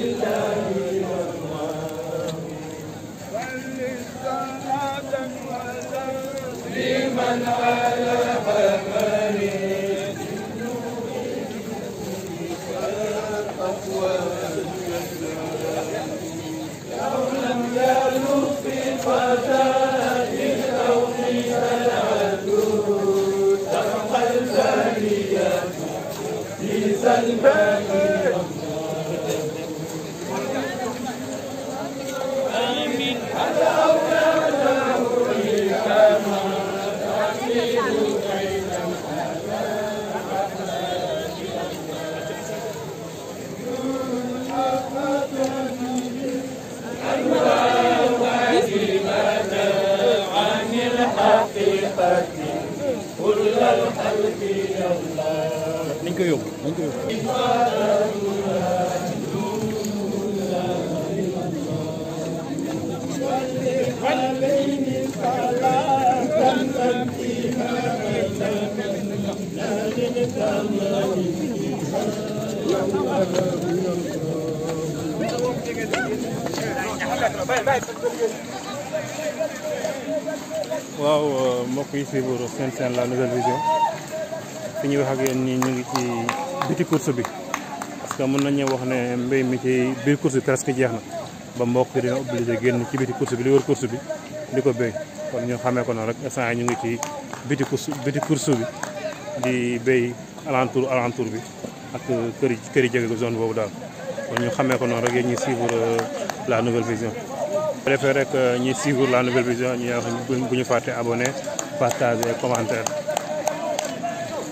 love. waaw euh, mbokk yi suivre seen seen la nouvelle vision fi ñuy wax ak yéen ñi ñu ngi ci biti course bi parce que mën nañu wax ne mbey mi ci biir course bi presque jeex na ba mbokk yi dina obligé génn ci biti course bi li wër course bi di ko béy kon ñu xamee ko noonu rek instant ñu ngi ci biti course biti course bi di béy alentour alentour bi ak kër yi kër yi jege zone boobu daal kon ñu xamee ko noonu rek yéen ñuy suivre la nouvelle vision. préféré que ñi suivre la nouvelle vision ñi wax buñu faté abonné partager commentaire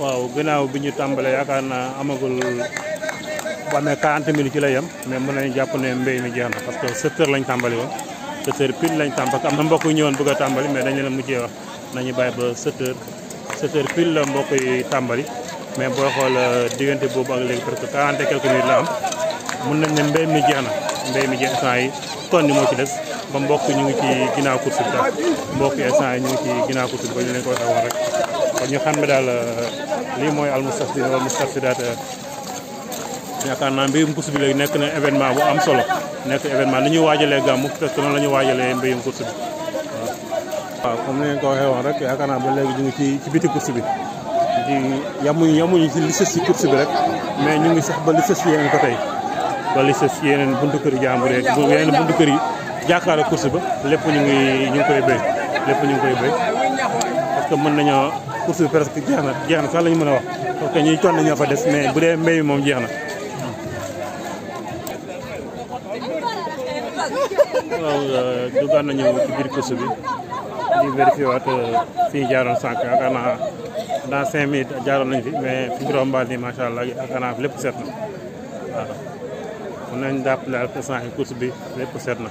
waaw gënaaw biñu tambalé tàmbalee yaakaar naa amagul bu amee 40 minutes ci la yam mais mën nañu japp né mbéy mi jeex parce que 7 heures lañ tambalé won 7 heures pile lañ tàmbali parce que mbokk yu ñëwoon bëgg a mais dañ leen mujjé wax nañu bay ba 7 heures 7 heures pile la mbokk yi tàmbali mais booy xol euh, digënté bobu ak légui presque 40 quelques minutes la am mën nañ né mbéy mi jeex na mbéy mi jeex temps yi kon ni mo ci dess ba mbokk ñu ngi ci ginnaaw course bi daal mbokk instant ñu ngi ci ginnaaw course bi ba ñu ko waxee woon rek ñu daal euh, lii mooy almustarchidin wal mustarchidaat euh, yaakaar naa mbéyum course bi léegi nekk na événement bu solo nekk événement ni ñuy waajalee gàmmu te la ñuy waajalee mbéyum course bi waaw. waaw ko waxee rek yaakaar naa ba léegi ñu ngi ci ci biti di yamuñu yamuñu ci bi rek mais ñu ngi sax ba li sës yeneen côté yi ba li yeneen buntu kër jàmbur yeeg yeneen buntu kër yi. jàkkaarloo course ba lépp ñu ngi ñu ngi koy béy lépp ñu koy béy parce que mën nañoo course bi presque jeex na jeex mën a wax parce que ñuy coono ñoo fa des mais bu dee mbéy mi moom jeex na. waaw euh, duggaan nañu ci biir course bi di vérifié waat euh, fii jaaroon sànq yaakaar naa dans cinq minutes jaaroon nañu fi mais fi ñu doon nii macha allah yaakaar naa lépp set na waaw mën nañu jàppale ak course bi lépp set na.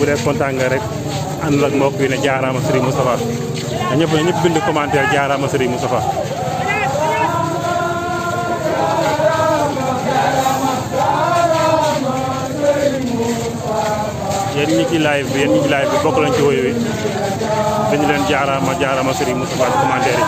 bu dee kontaan nga rek àndal ak mbokk yi ne jaarama Serigne Moustapha na ñepp na bind commentaire jaarama Serigne Moustapha yeen ñi ci live yeen ñi ci live bokk lañ ci woy wi dañu leen jaarama jaarama Serigne Moustapha commentaire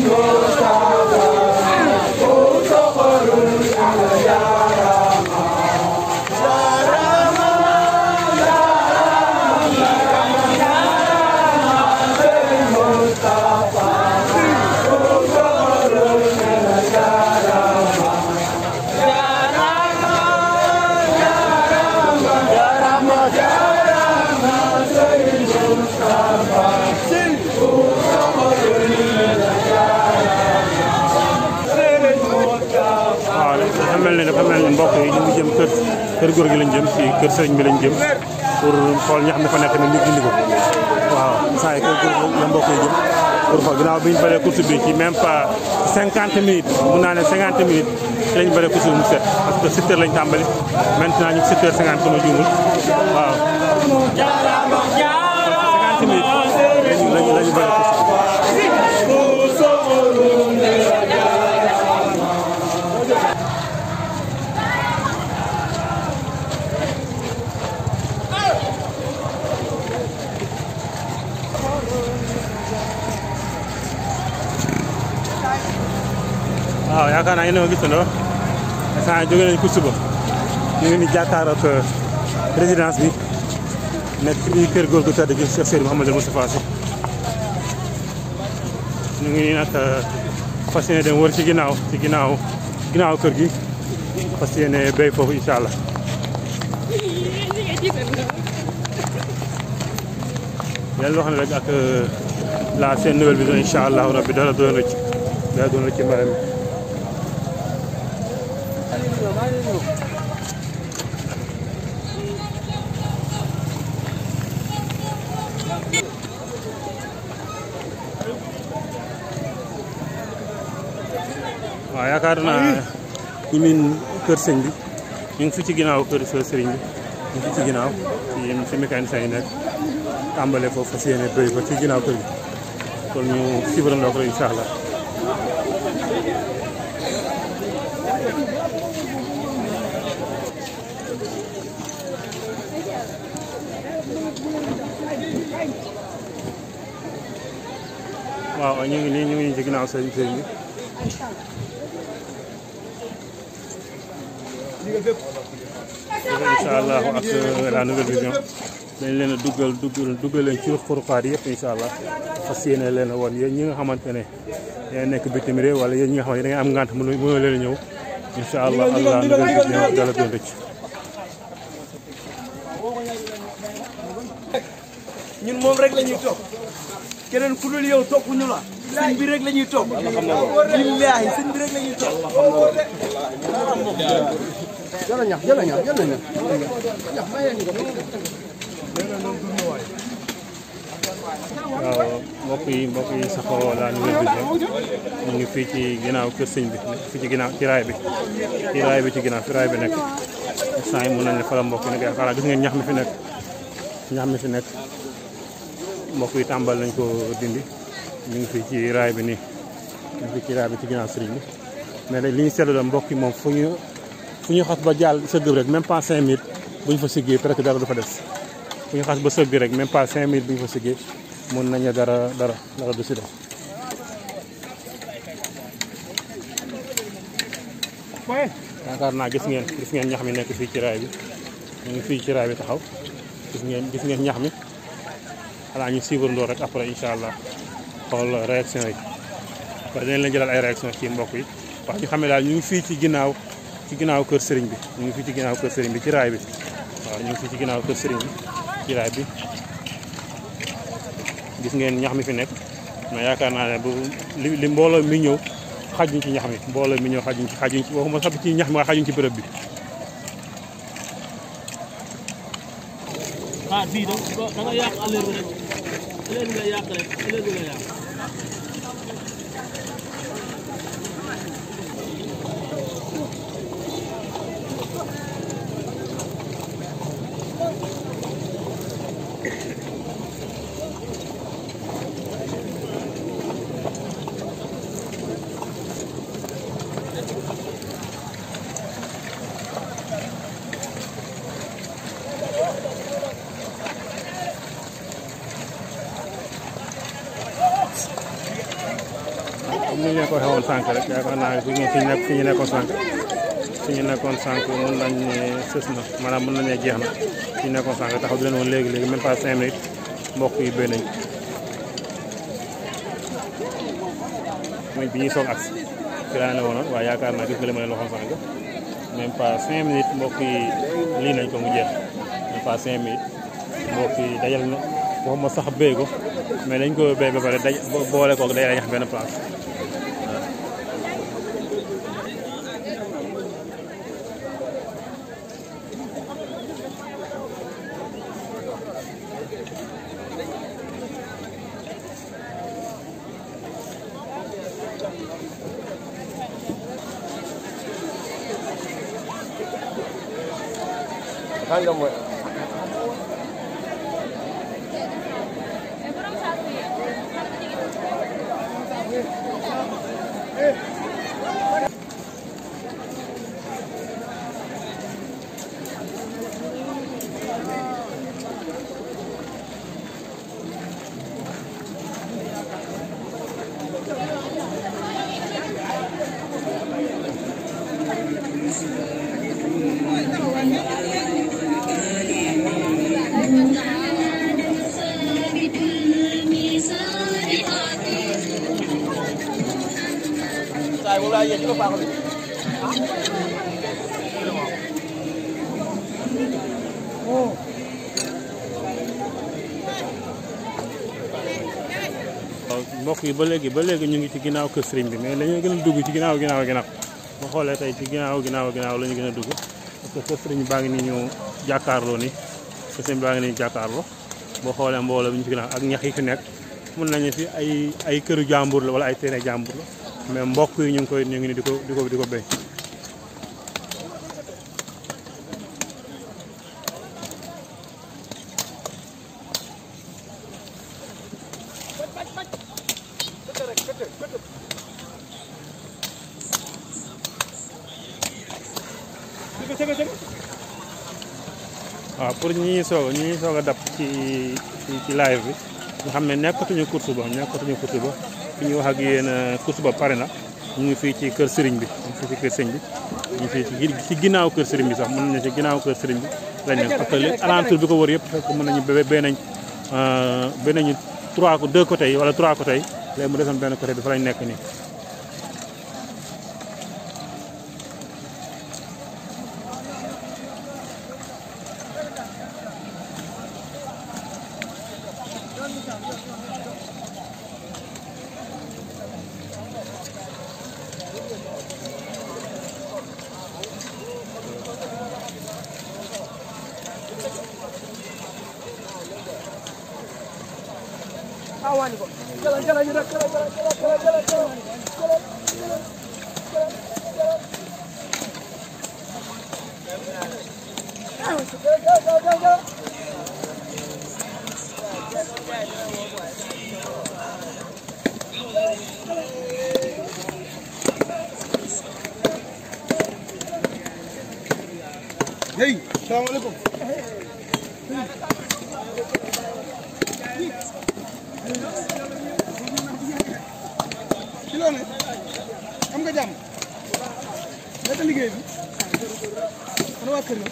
Senhor está dafa mel ne dafa mel ne mbokk yi ñu ngi jëm kër kër góor gi lañ jëm si kër sëriñ bi lañ jëm pour xool ñi xam ne fa nekk tamit ñu dindi ko waaw saa yi kër góor la mbokk yi jëm pour xool ginnaaw bi ñu bëree course bi ci même pas cinquante minutes mun naa ne cinquante minutes lañ bëree course mu set parce que sept lañ tàmbali maintenant ñu sept heures cinquante sama juumul waaw cinquante minutes lañu lañu yaakaar naa yéen a gisandoo instant jóge nañ ko suba ñu ngi ni jàkkaar ak euh, résidence bi nekk ci biir kër góor gu tedd gi Cheikh Seydou Mouhamadou Moustapha Sy ngi nii nag euh, fas yéene dem ci ginnaaw ci ginnaaw ginnaaw kër gi fas yéene béy foofu incha allah. yàlla loo xam ne rek ak euh, la seen nouvelle vision incha allah rabbi dara doon rëcc dara doon rëcc mbay mi. yaakaar naa ñi miin kër sëñ bi ñu ngi fi ci ginnaaw kër sëriñ bi ñu fi ci ginnaaw ci fi mécanicien yi nekk foofu fas yéene ba ci incha allah ak euh, la nouvelle vision dañ leen a duggal leen ci xuruxaat ñi nga xamante ne nekk bitim réew wala am ngant mënoo leen a bi rek la toog billaahi sëñ bi rek la toog waaw mbokk yi mbokk yi saxoo laa ñu wér mu ngi fi ci ginnaaw kër sëñ bi nekk ci ginnaaw ci raay bi ci raay bi ci ginnaaw fi raay bi nekk saa yi mun na ne fala mbokk yi nekk voilà gis ngeen ñax mi fi nekk ñax mi fi nekk mbokk yi tàmbal nañ ko dindi ñu ngi fi ci raay bi nii ñu ngi fii ci raay bi ci ginnaaw sëriñ bi mais li ñu la mbokk moom fu ñu fu ñu xas ba jàll sëgg rek même pas cinq minutes bu fa siggee presque dara du fa dess fu ñu xas ba sëgg rek même pas cinq minutes bu fa siggee mun nañu dara dara dara du ci def yaakaar naa gis ngeen gis ngeen ñax mi nekk fii ci raay bi ñu ngi fii ci raay bi taxaw gis ngeen gis ngeen ñax mi xanaa ñu suivre rek après incha allah xool réaction yi parce que dañ leen jëlal ay réaction ci mbokk yi wax ñu xam daal ñu ngi fii ci ginnaaw ci ginnaaw kër sëriñ bi ñu ngi fii ci ginaaw kër sëriñ bi ci raay bi waaw ñu ngi fii ci ginaaw kër sëriñ bi ci raay bi gis ngeen ñax mi fi nekk mais yaakaar naa ne bu li li mbooloo mi ñëw xajuñ ci ñax mi mbooloo mi ñëw xajuñ ci xajuñ ci waxuma sax ci ñax mi waaye xajuñ ci bërëb bi ah, comme ni ñu leen ko waxee woon sànq rek yaakaar naa ne fi ñu fi nekkoon sànq fi ñu nekkoon sànq mën nañu ne sës na maanaam mën nañu ne jeex na fi ñu nekkoon sànq taxaw di leen woon léegi léegi même pas cinq minutes mbokk yi béy nañu. mooy bi ñuy soog ak fi laa ne yaakaar naa gis nga li ma leen mbokk yi lii nañ ko mu jeex même pas cinq minutes mbokk yi dajal na waxuma sax béy ko mais dañ ko béy ba pare daj boole koog day ñax benn place. don't know. mbokk yi ba léegi ba léegi ñu ngi ci ginnaaw kër sëriñ bi mais la ñu gën a dugg ci ginnaaw ginnaaw ginnaaw ba xoolee tey ci ginnaaw ginnaaw ginnaaw la ñu gën a dugg parce que kër sëriñ baa ngi ni ñu jàkkaarloo ni kër sëriñ baa ngi ni jàkkaarloo boo xoolee mbooloo bi ñu ci ginnaaw ak ñax yi fi nekk mën nañu fi ay ay këru jàmbur la wala ay teene jàmbur la mais mbokk yi ñu ngi koy ñu ngi ni di ko di ko di ko béy waaw pour ñi ñu ñi soog a dab ci ci live bi nga xam ne nekkatuñu course ba tuñu course ba fi ñu wax ak yéen euh, course ba pare na ñu ngi fii ci kër sëriñ bi ñu ngi fii ci kër bi ñu ngi fii ginnaaw kër sëriñ bi sax mën nañu ci ginnaaw kër sëriñ bi lañ nekk parce que bi ko wër yëpp fekk mën nañu bee nañ euh, bee nañu trois deux côtés yi wala trois côtés yi léegi mu desoon benn côté bi fa lañ nekk nii Hey, salam alaikum. jàmm naka liggéey bi ana waa kër gi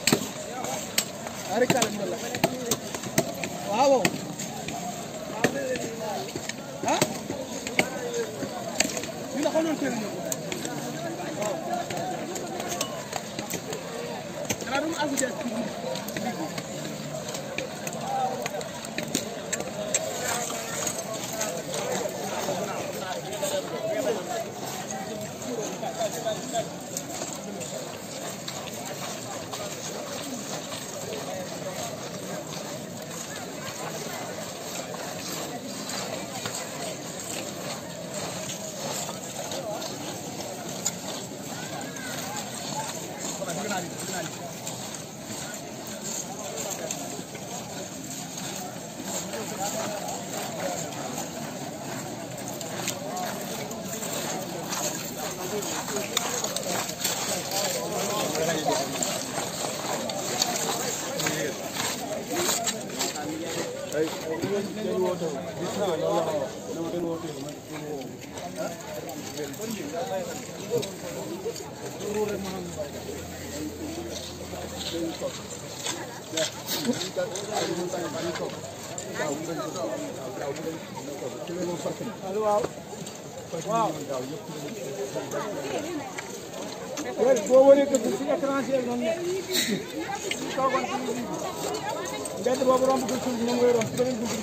ari kàlla mu la waaw ah ñu la xoonoon kër gi waaw Wow. boo waree dugg si étranger noonu nekk ñu toogoon ci mbedd boobu romb ko suuf ñoom ngay romb si beneen